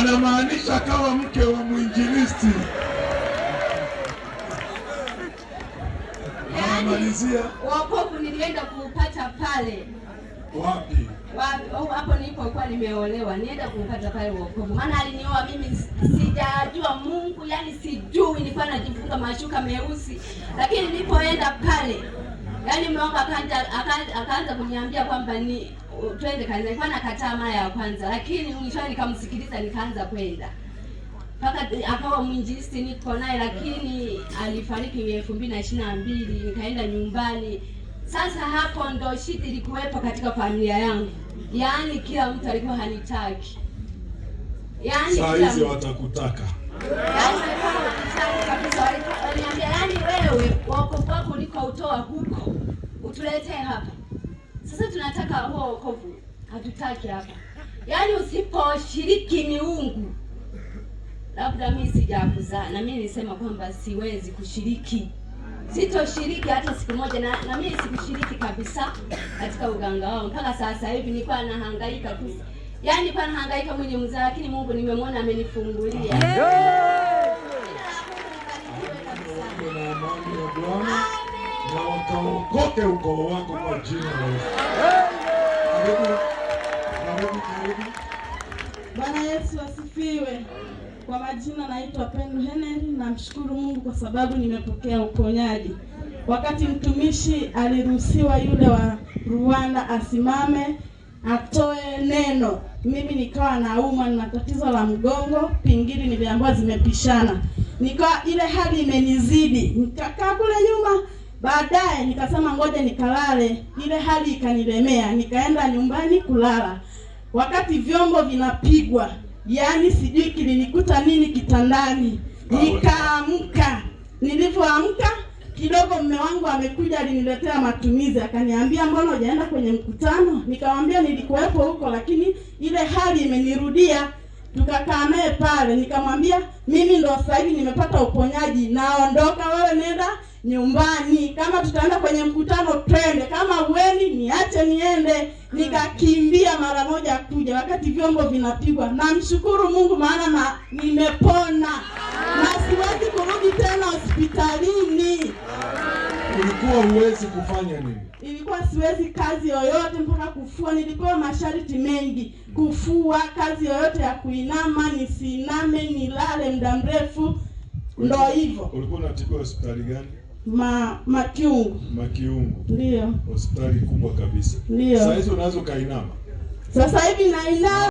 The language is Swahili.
anamaanisha kawa mke wa mwinjilisti. Yaani, Anamalizia wokovu nilienda kuupata pale wapi? Oh, hapo nilipokuwa nimeolewa, nienda kumpata pale wokovu, maana alinioa mimi, sijajua Mungu, yani sijui, nilikuwa najifunga mashuka meusi, lakini nilipoenda pale, yani mama akaanza kuniambia kwamba ni twende kanisa. Nilikuwa nakataa mara ya kwanza, lakini mwisho nikamsikiliza nikaanza kwenda mpaka akawa mwinjilisti niko naye, lakini alifariki elfu mbili na ishirini na mbili. Nikaenda nyumbani. Sasa hapo ndo shida ilikuwepo katika familia yangu, yaani kila mtu alikuwa hanitaki, yaani saa hizi watakutaka yaani kabisa, waliniambia yaani, wewe wako kwako uliko utoa huko utuletee hapa sasa tunataka huo wokovu, hatutaki hapa. Yaani usiposhiriki miungu, labda mimi sijakuzaa na mimi nilisema kwamba siwezi kushiriki, sitoshiriki hata siku moja, na, na mimi sikushiriki kabisa katika uganga wao mpaka sasa hivi. Nilikuwa nahangaika tu, yaani nilikuwa nahangaika mwenye mzaa, lakini Mungu nimemwona amenifungulia. ukaokote ukoo wako kwa jina la Yesu. wasifiwe Bwana Yesu asifiwe. Kwa majina naitwa Pendo Henry, namshukuru Mungu kwa sababu nimepokea uponyaji. Wakati mtumishi aliruhusiwa yule wa Rwanda asimame atoe neno, mimi nikawa nauma na tatizo la mgongo, pingili niliambiwa zimepishana, nikawa ile hali imenizidi, nikakaa kule Baadaye nikasema ngoja nikalale, ile hali ikanilemea, nikaenda nyumbani kulala, wakati vyombo vinapigwa, yaani sijui kilinikuta nini kitandani. Nikaamka, nilivyoamka kidogo mme wangu amekuja, aliniletea matumizi, akaniambia mbona hujaenda kwenye mkutano? Nikamwambia nilikuwepo huko, lakini ile hali imenirudia. Tukakaa naye pale, nikamwambia mimi ndo sasa hivi nimepata uponyaji, naondoka, wewe nenda nyumbani, kama tutaenda kwenye mkutano twende, kama uweni niache niende. Nikakimbia mara moja kuja wakati vyombo vinapigwa. Namshukuru Mungu maana na nimepona na siwezi kurudi tena hospitalini. Ulikuwa huwezi kufanya nini? Ilikuwa siwezi kazi yoyote mpaka kufua. Nilipewa masharti mengi, kufua, kazi yoyote ya kuinama, nisiname, nilale muda mrefu. Ndo hivyo. Ulikuwa unatibiwa hospitali gani? ma Makiungu. Makiungu. Ndio. Hospitali kubwa kabisa. Ndio. Sasa hizo unaweza kainama. Sasa hivi nainama.